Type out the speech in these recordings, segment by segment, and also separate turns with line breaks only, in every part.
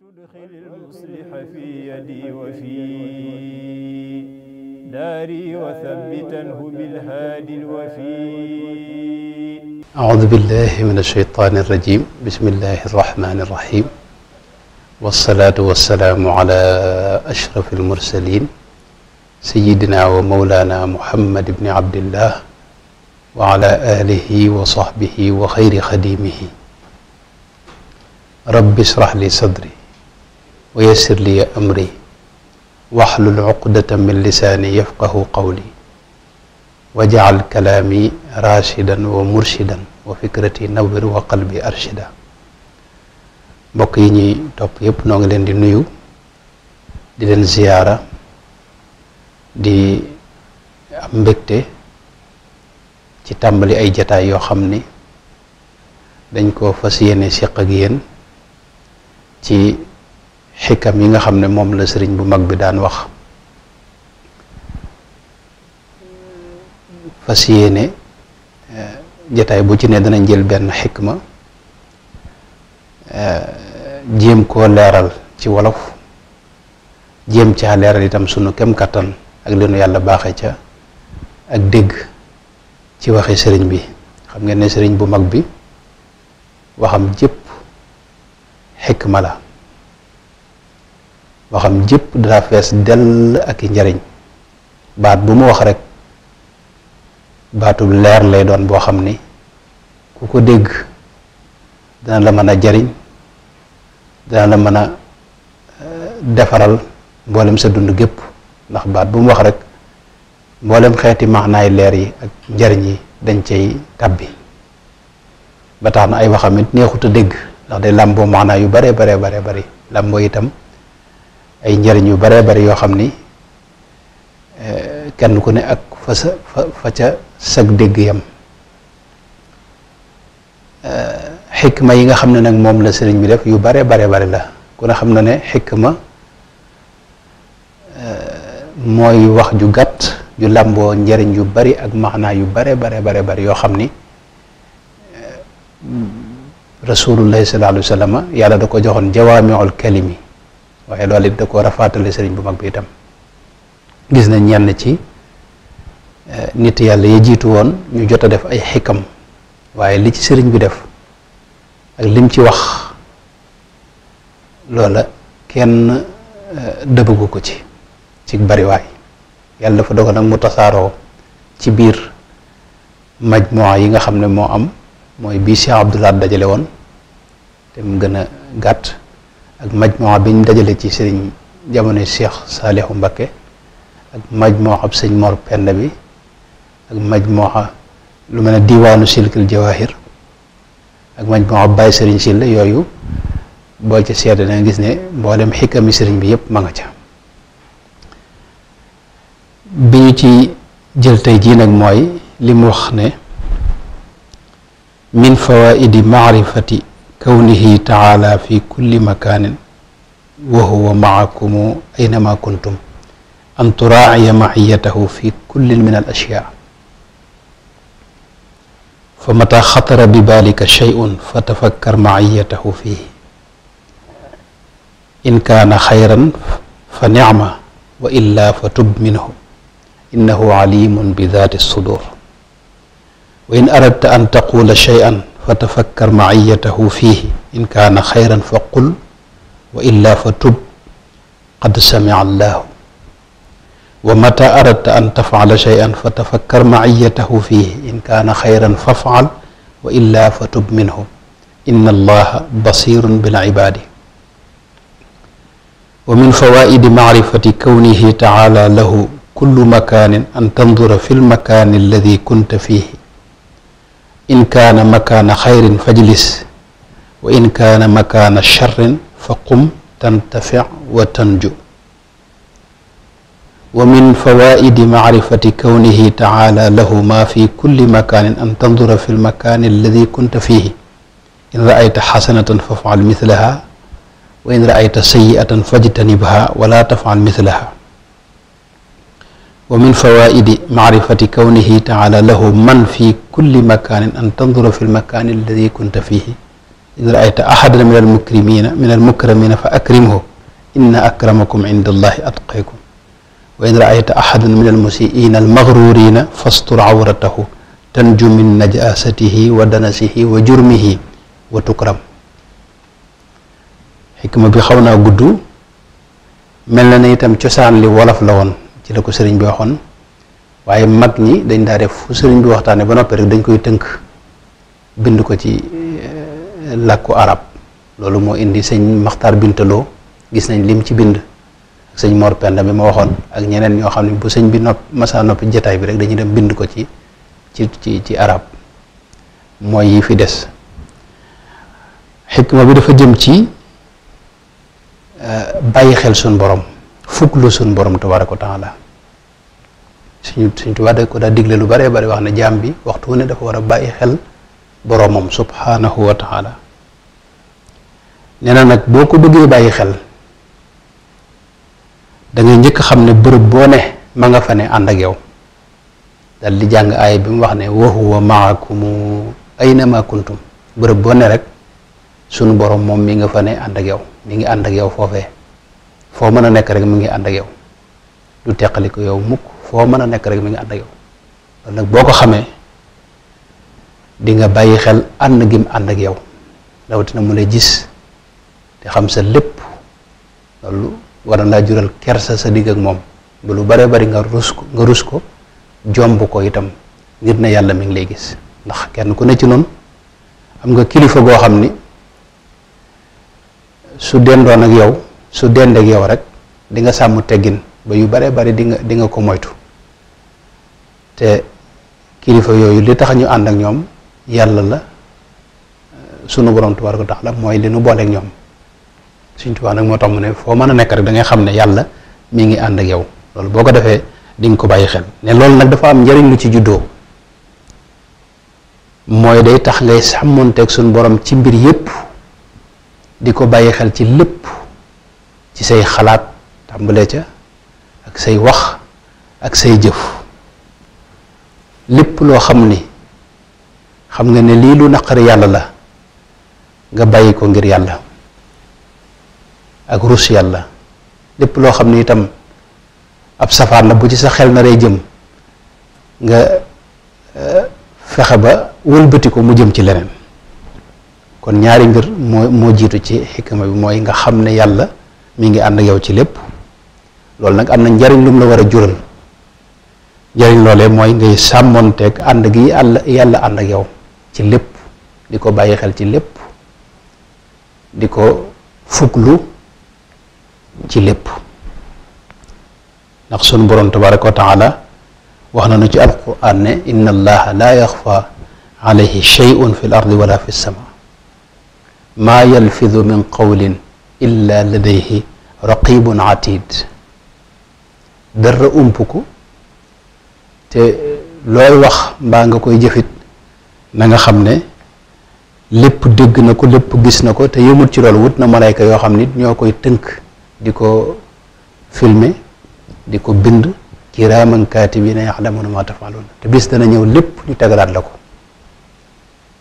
تدخل المصلح في يدي وفي داري وثبته بالهادي الوفي أعوذ بالله من الشيطان الرجيم بسم الله الرحمن الرحيم والصلاة والسلام على أشرف المرسلين سيدنا ومولانا محمد بن عبد الله وعلى آله وصحبه وخير خديمه رب اشرح لي صدري wa yassir li amri waxlul uqdata min lisaani yafqahu qawli wajcal kalaami raashidan wa murshidan wa fikrati nawir wa qalbi arshida mbokk yi ñuy topp yépp noo ngi leen di nuyu di leen ziyaara di am mbégte ci tàmbali ay jataay yoo xam ni dañ ko fas yéene siq ak yéen ci xikam yi nga xam ne moom la sëriñ bu mag bi daan wax fas yéene eh, jataay bu ci ne danañ jël benn xikma eh, jéem koo leeral ci wolof jéem caa leeral itam sunu kem kàttan ak li yàlla baaxe ca ak dégg ci waxe sëriñ bi xam ngeen ne sëriñ bu mag bi waxam jépp xikma la waxam jëpp dana fees dell ak i njariñ baat bu mu wax rek baatub leer lay doon boo xam ni ku ko dégg dana la mën a jariñ dana la mën a eh, defaral mboolem sa dund gépp ndax baat bu mu wax rek mboolem xeeti maxnaay leer yi ak njariñ yi dañ cay tàbbi ba tax na ay waxam it neexut a dégg ndax day làmboo maxnaa yu bare bare bare bari làmboo itam ay njariñ yu baree bari yoo xam ni eh, kenn ku ne ak fa sa fa ca sag dégg yam eh, xikma yi nga xam ne nag moom la sëriñ bi def yu bare bare bare la ku ne xam na ne xikma eh, mooy wax ju gàtt ju làmboo njariñ yu bari ak maxnaa yu bare bare bare bari yoo xam ni rasulullahi sallallahu alayhi wa sallam yàlla da ko joxoon jawaamiul kalimi waaye loolu it da ko war a fàttali sëriñ bu mag bi itam gis nañ ñenn ci eh, nit yàlla ya jiitu woon ñu jot a def ay xikam waaye li ci sëriñ bi def ak lim ci wax loola kenn eh, dëbagu ko ci ci bariwaay yàlla dafa dogal nag mu tasaaroo ci biir majmuwa yi nga xam ne moo am mooy bii Cheikh Abdoulaye dajale woon te mu gën a gàtt ak majmoo biñ dajalee ci sëriñ jamono Cheikh Saalihu Mbakke ak majmoo ab sëñ Mor Penda bi ak majmoo lu mel ne diwaanu silkil jawahir ak majmoo ab Baye sëriñ Silla yooyu boo ci seete da gis ne mboolem xikami sëriñ bi yëpp ma nga ca bi ñu ci jël tey jii nag mooy li mu wax ne min fawaidi maarifati kawnihi taala fi kulli makanin wa huwa maakum aynama kuntum an turaaciya maciyatahu fi kullin min al ashyaa fa mata xatara bi baalika shay'un fa tafakkar maciyatahu fihi in kaana xayran fa nicma wa illaa fa tub minhu innahu alimun bi daati sudur wa in aradta an taqula shay'an fa tafakkar maiyatahu fiihi in kaana xayran fa qul wa illa fa tub qad samica allahu wa mata aradta an tafcala cheyan fa tafakkar maiyatahu fiihi in kaana xayran fafcal wa illa fa tub minhu inna allaha basirun bil ibaadi wa min fawaidi macrifati kawnihi tacaala lahu kullu makaanin an tandura fi lmakaani alladi kunta fiihi in kaana makaana xayrin fajlis wa in kaana makaana charrin fa qum tantafic wa tanju wa min fawaidi macrifati kawnihi tacaala lahu maa fi kulli makaanin an tandura fi lmakaani alladi kunta fiihi in raayta xasanatan fafcal mislaha wa in raayta sayiatan fajtanibha wala tafcal mislaha wa min fawaidi maarifati kawnihi taala lahu man fi kulli makanin an tandura fi lmakani alladi kunta fihi id raayta ahadan min almukrimina min almukramina fa akrimhu inna akramakum inda allahi atqaykum wa in raayta ahadan min almusiina almagrurina fastur awratahu tanju min najasatihi wa danasihi wa jurmihi wa tukram xikma bi xaw naa gudd mel na ne itam cosaan li wolof la woon ci la ko sëriñ bi waxoon waaye mag ñi dañ daa def fu sëriñ bi waxtaanee ba noppi rek dañ koy tënk bind ko ci eh, làkku arab loolu moo indi sëñ Maxtaar Bintaloo gis nañ lim ci bind sëñ Mor Penda bi ma waxoon ak ñeneen ñoo xam ne bu sëñ bi nopp masaa noppi jataay bi rek dañuy dem bind ko ci ci ci ci arab mooy yi fi des xikma bi dafa jëm ci eh, bàyyi xel suñ borom fukk lu suñ borom tabaaraka wa taala suñu suñ tubaa ko daal digle lu bare bare wax ne jaam bi waxtu ne dafa war a bàyyi xel boromam subhaanahu wa taala nee na nag boo ko bëggee bàyyi xel da ngay njëkk xam ne bërëb boo ne ma nga fa ne ànd ak yow dal di jàng aaya bi mu wax ne wa ay maakum aynama kuntum bërëb boo ne rek sunu borom moom mii nga fa ne ànd ak yow mi ngi ànd yow foofee foo mën a nekk rek mu ngi ànd ak yow lu teqali ko yow mukk foo mën a nekk rek mi ngi ànd ak yow loolu nag boo ko xamee di nga bàyyi xel ànd gim ànd ak yow rawatina mu lay gis te xam sa lépp loolu war na jural kersa sa digg ak moom ba lu baree bari nga rus ko nga rus ko jomb ko itam ngir ne yàlla mi ngi lay gis ndax kenn ku ne ci noonu am nga kilifa goo xam ni su dendoon ak yow su dend ak yow rek di nga sàmm teggin ba yu bare bari di nga di ko moytu te kilifa yooyu li tax ñu ànd ak ñoom yàlla la sunu borom tax la mooy li nu booleeg ñoom suñ tubaab nag moo tax mu ne foo mën a nekk rek dangay xam ne yàlla mi ngi ànd ak yow loolu boo ko defee di ko bàyyi xel ne loolu nag dafa am njëriñ lu ci juddoo mooy day tax ngay sàmmonteeg sunu borom ci mbir yépp di ko bàyyi xel ci lépp. ci say xalaat tàmbalee ca ak say wax ak say jëf lépp loo xam ni xam nga ni lii lu naqari yàlla la nga bàyyi ko ngir yàlla ak rus yàlla lépp loo xam ni itam ab safaan la bu ci sa xel na rey jëm nga euh, fexe ba wëlbati ko mu jëm ci leneen kon ñaari mbir moo moo jiitu ci xikma bi mooy nga xam ne yàlla mi ngi ànd ak yow ci lépp loolu nag am na njariñ lu la war a jural njariñ loolee mooy ngay sàmmoonteeg ànd gi yàlla yàlla ànd ak yow ci lépp di ko bàyyi xel ci lépp di ko fuglu ci lépp ndax sun borom tabaraka wa taala wax na nu ci alquran ne inna allaha la yaxfa alayhi shay'un fi l ardi wala fi lsama maa yalfidu min qawlin illa ladayhi raqibun atid dara ump ko te looy wax mbaa nga koy jëfit na nga xam ne lépp dégg na ko lépp gis na ko te yëmut ci loolu wut na malayka yoo xam nit ñoo koy tënk di ko filmer di ko bind kiraaman kaatibiina yaxlamuuna maa tafaluun te bis dana ñëw lépp ñu tegalaat la ko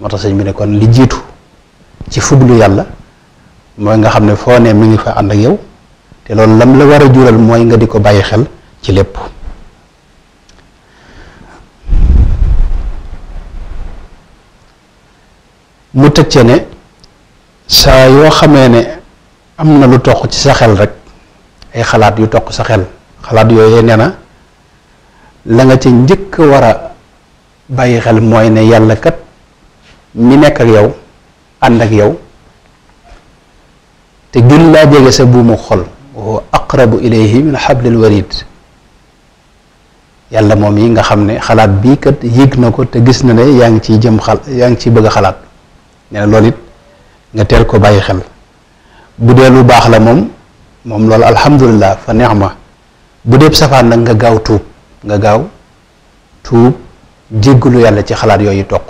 moo tax sëñ bi ne kon li jiitu ci fuglu yàlla mooy nga xam ne foo ne mi ngi fa ànd ak yow te loolu lam la war a jural mooy nga di ko bàyyi xel ci lépp mu tëj ce ne saa yoo xamee ne am na lu toq ci sa xel rek ay xalaat yu toq sa xel xalaat yooyee nee na la nga ci njëkk war a bàyyi xel mooy ne yàlla kat mi nekk ak yow ànd ak yow te gën laa jege sa buumu xol wa huwa aqrabu ilayhi min hablil warid yàlla moom yi nga xam ne xalaat bii kat yëg na ko te gis na ne yaa ngi ciy jëm xal yaa ngi ciy bëgg xalaat nee na it nga teel ko bàyyi xel bu dee lu baax la moom moom loolu alhamdulilah fa neex ma bu dee safaan nag nga gaaw tuub nga gaaw tuub jéggalu yàlla ci xalaat yooyu toq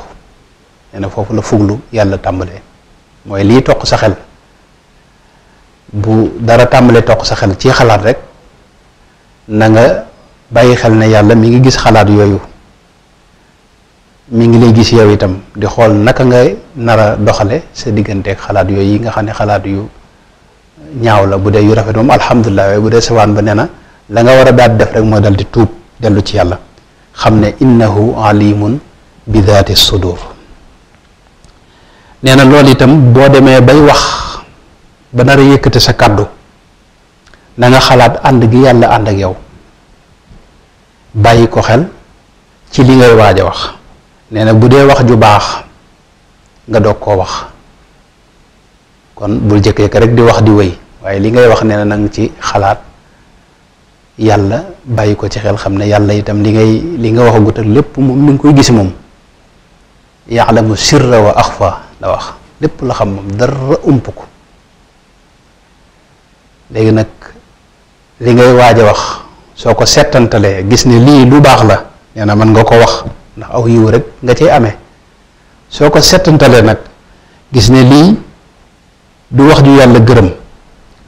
nee na foofu la fuglu yàlla tàmbalee mooy lii toq sa xel bu dara tàmbalee toq sa xel ci xalaat rek na nga bàyyi xel ne yàlla mi ngi gis xalaat yooyu mu ngi lay gis yow itam di xool naka ngay nar doxale sa digganteeg xalaat yooyu yi nga xam ne xalaat yu ñaaw la bu dee yu rafet moom alhamdulilah waaye bu dee sawaan ba nee na la nga war a daal def rek mooy dal di tuub dellu ci yàlla xam ne innahu alimun bi daati sudur nee na loolu itam boo demee bay wax ba nar yëkkate sa kàddu na nga xalaat ànd gi yàlla ànd ak yow bàyyi ko xel ci li ngay waaj a wax nee na bu dee wax ju baax nga doog koo wax kon bul jëkkee ko rek di wax di wéy waaye li ngay wax nee na nang ci xalaat yàlla bàyyi ko ci xel xam ne yàlla itam li ngay li nga waxagut ak lépp moom mi ngi koy gis moom yaalamu sirra wa ak axfa la wax lépp la xam moom dara ump ko léegi nag li ngay waaj wax soo ko setantalee gis ne lii lu baax la nee na mën nga ko wax ndax aw yiw rek nga cay amee soo ko setantalee nag gis ne lii du wax ju yàlla gërëm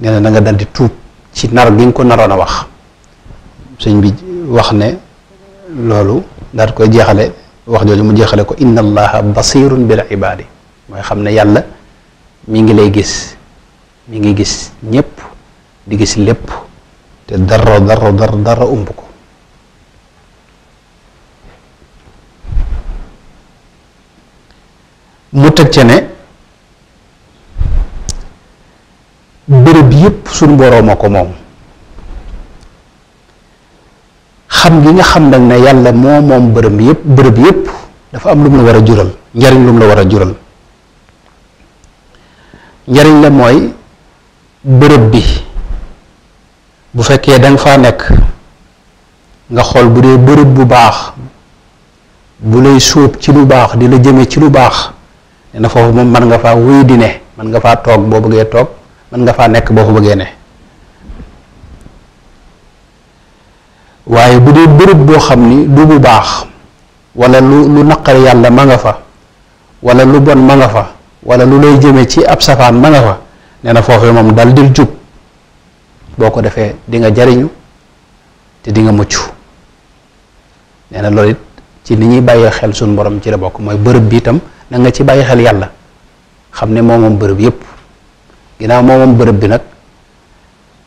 nee na na nga daldi tuub ci nar gi nga ko naroon a wax sëñ bi wax ne loolu daal koy jeexale wax jooju mu jeexale ko inna allaha basirun bil ibaadi mooy xam ne yàlla mi ngi lay gis mi ngi gis ñépp di gis lépp te dara dara dara dara umb ko mu teg ca ne bërëb yépp suñ boroom a ko moom xam gi nga xam nag ne yàlla moo moom bërëb yépp bërëb yépp dafa am lu mu la war a jural njariñ lu mu la war a jural njariñ la mooy bërëb bi bu fekkee danga faa nekk nga xool bu dee bërëb bu baax bu lay sóob ci lu baax di la jëme ci lu baax nee na foofu moom mën nga faa wéy di ne mën nga faa toog boo bëggee toog mën nga faa nekk boo fa bëggee ne waaye bu dee bërëb boo xam ni bu baax wala lu lu naqar yàlla ma fa wala lu bon ma nga fa wala lu lay jëme ci ab safaan ma fa nee na foofee moom dal dil jub boo ko defee dinga nga jariñu te di nga mucc nee na loolu it ci ni ñuy bàyyee xel suñ boroom ci la bokk mooy bërëb bi itam na nga ci bàyyi xel yàlla xam ne moo bërëb yépp ginnaaw moo bërëb bi nag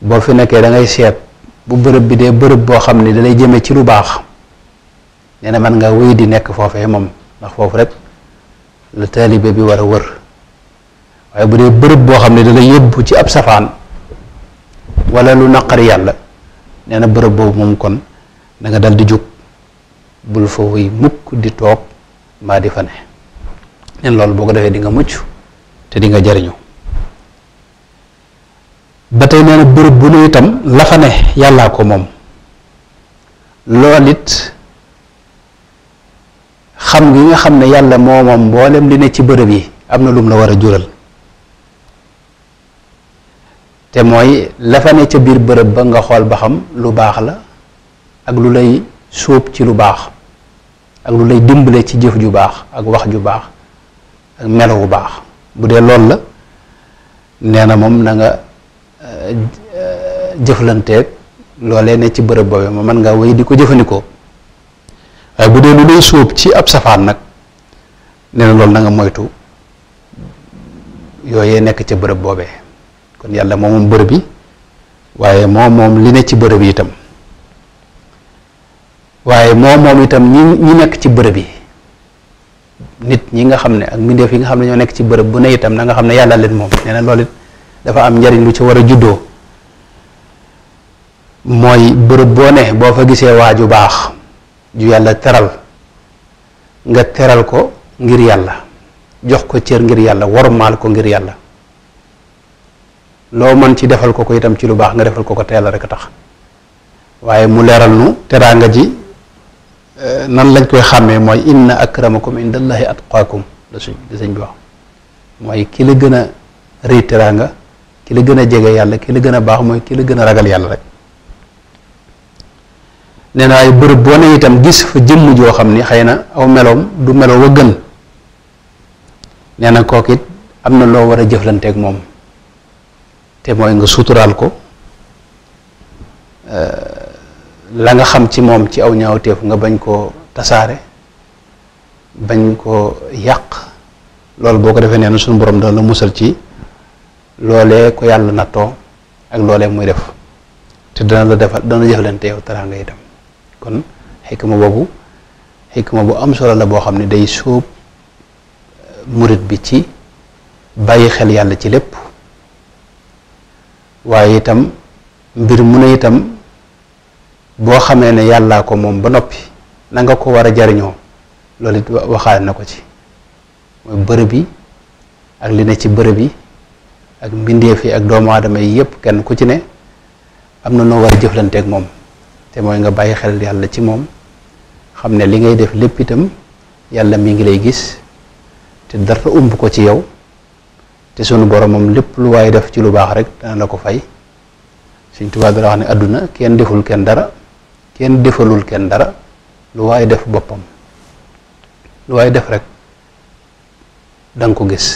boo fi nekkee da ngay seet bu bërëb bi dee bërëb boo xam ne dalay jëme ci lu baax nee na man ngaa wéy di nekk foofee moom ndax foofu rek la taalibe bi war a wër waaye bu dee bërëb boo xam ne dalay yóbbu ci ab safaan wala lu naqari yàlla nee na bërëb boobu moom kon danga dal di jóg bul fa wuy mukk di toog mbaa di fa ne neen loolu boo ko defee di nga mucc te di nga jariñu ba tey nee bërëb bu ne itam la fa ne yàllaa ko moom lool it xam gi nga xam ne yàlla moo moom mboolem li ne ci bërëb yi am na lum la war a jural te mooy lafane ca biir bërëb ba nga xool ba xam lu baax la ak lu lay sóob ci lu baax ak lu lay dimbale ci jëf ju baax ak wax ju baax ak melo wu baax bu dee loolu la nee na moom na nga euh, jëflanteeg loolee ne ci bërëb boobu moom mën nga wéy di ko jëfandikoo waaye bu dee lu lay sóob ci ab safaan nag nee na loolu na nga moytu yooyee nekk ca bërëb boobee kon yàlla moo bërëb yi waaye moo moom li ne ci bërëb yi itam waaye moo moom itam ñi ñu nekk ci bërëb yi nit ñi nga xam ne ak mbindeef yi nga xam ne ñoo nekk ci bërëb bu ne itam na nga xam ne yàlla leen moom nee na loolu it dafa am njariñ lu ci war a juddoo mooy bërëb boo ne boo fa gisee waa ju baax ju yàlla teral nga teral ko ngir yàlla jox ko cër ngir yàlla wormaal ko ngir yàlla loo man ci defal ko ko itam ci lu baax nga defal ko ko teel rek a tax waaye mu leeral nu teraanga ji euh, nan lañ koy xàmmee mooy inna akramakum indallahi atqaakum la suñ la sëñ bi wax mooy ki la gën a rëy teraanga ki la gën a jege yàlla ki la gën a baax mooy ki la gën a ragal yàlla rek nee na ay bërëb boo ne itam gis fa jëmm joo xam ni xëy na aw meloom du meloo wa gën nee na kooku it am na loo war a jëflante ak moom te mooy nga suturaal ko euh, la nga xam ci moom ci aw ñaawteef nga bañ koo tasaare bañ ko yàq loolu boo ko defee neen na suñu borom dana la musal ci loolee ko yàlla nattoo ak loolee muy def te dana la defal dana jëflante yow teraanga itam kon xikma boobu xikma bu am solo la boo xam ne day sóob euh, murit bi ci bàyyi xel yàlla ci lépp waaye itam mbir mu ne itam boo xamee ne yàllaa ko moom ba noppi na nga ko war a jariñoo loolu waxaale na ko ci mooy bërëb yi ak li ne ci bërëb yi ak mbindeef yi ak doomu aadama yi yépp kenn ku ci ne am na noo war a jëflanteeg moom te mooy nga bàyyi xel yàlla ci moom xam ne li ngay def lépp itam yàlla mi ngi lay gis te dara umb ko ci yow te sunu borom moom lépp lu waaye def ci lu baax rek dana la ko fay suñ Tuubaa dana wax ne àdduna kenn deful kenn dara kenn defalul kenn dara lu waaye def boppam lu waaye def rek danga ko gis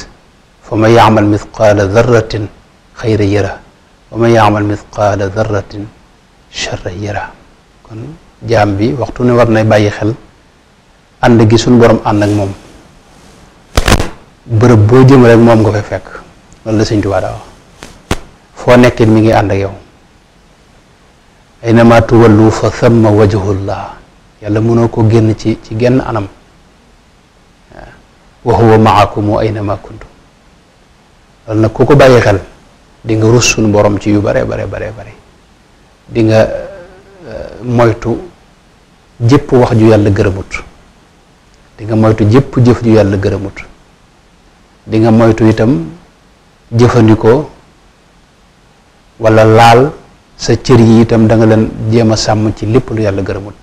fa man yaamal mithqaala darratin xayra yara ma man mal mithqaala darratin charra yara kon jaam bi waxtu ne war nay bàyyi xel ànd gi suñ borom ànd ak moom bërëb boo jëm rek moom nga fay fekk loolu la sëñ foo nekkee mi ngi ànd ak yow aynama tuwallu fa thamma la yàlla mënoo ko génn ci ci genn anam wa huwa maakum aynama kuntum loolu nag ku ko bàyyi xel di nga rus suñu borom ci yu bare bare bare bare di euh, moytu jëpp wax ju yàlla gërëmut di nga moytu jëpp jëf ju yàlla gërëmut dinga nga moytu itam jëfandikoo walla laal sa cër yi itam da nga leen jéem a sàmm ci lépp lu yàlla gërëmut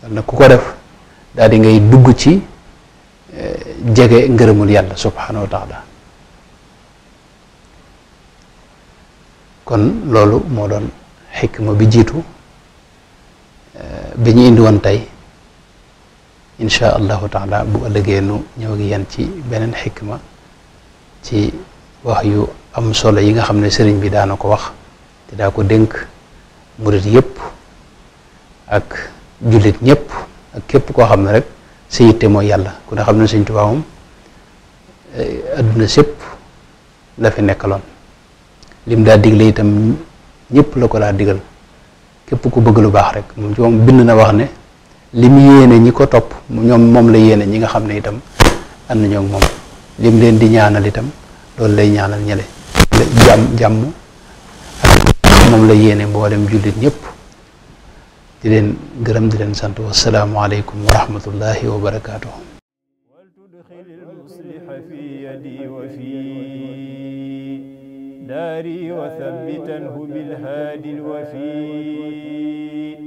walla nag ku ko def daldi ngay dugg ci eh, jege ngërëmul yàlla subhaanahu wa taala kon loolu moo doon xikma bi jiitu eh, bi ñu indi woon tey incha allahu taala bu ëllëgee nu ñëw yenn ci beneen xikma ci wax yu am solo yi nga xam ne sëriñ bi daana ko wax te daa ko dénk murit yépp ak jullit ñépp ak képp koo xam ne rek sa yitte mooy yàlla ku ne xam ne sëriñ Tuubaa moom eh, adduna sépp la fi nekkaloon lim daa digle itam ñépp la ko daa digal képp ku bëgg lu baax rek moom ci moom bind na wax ne li mu yéene ñi ko topp ñoom moom la yéene ñi nga xam ne itam ànd na ñoom moom lim leen di ñaanal itam loolu lay ñaanal ñële jàmm jàmm moom la yéene mboolem jullit ñëpp di leen gërëm di leen sant wasalaamualeykum wa rahmatullahi wa barakatuhu wal tudxil almusliha fi yadi wa daari wa thabbitanhu bilhaadi alwafi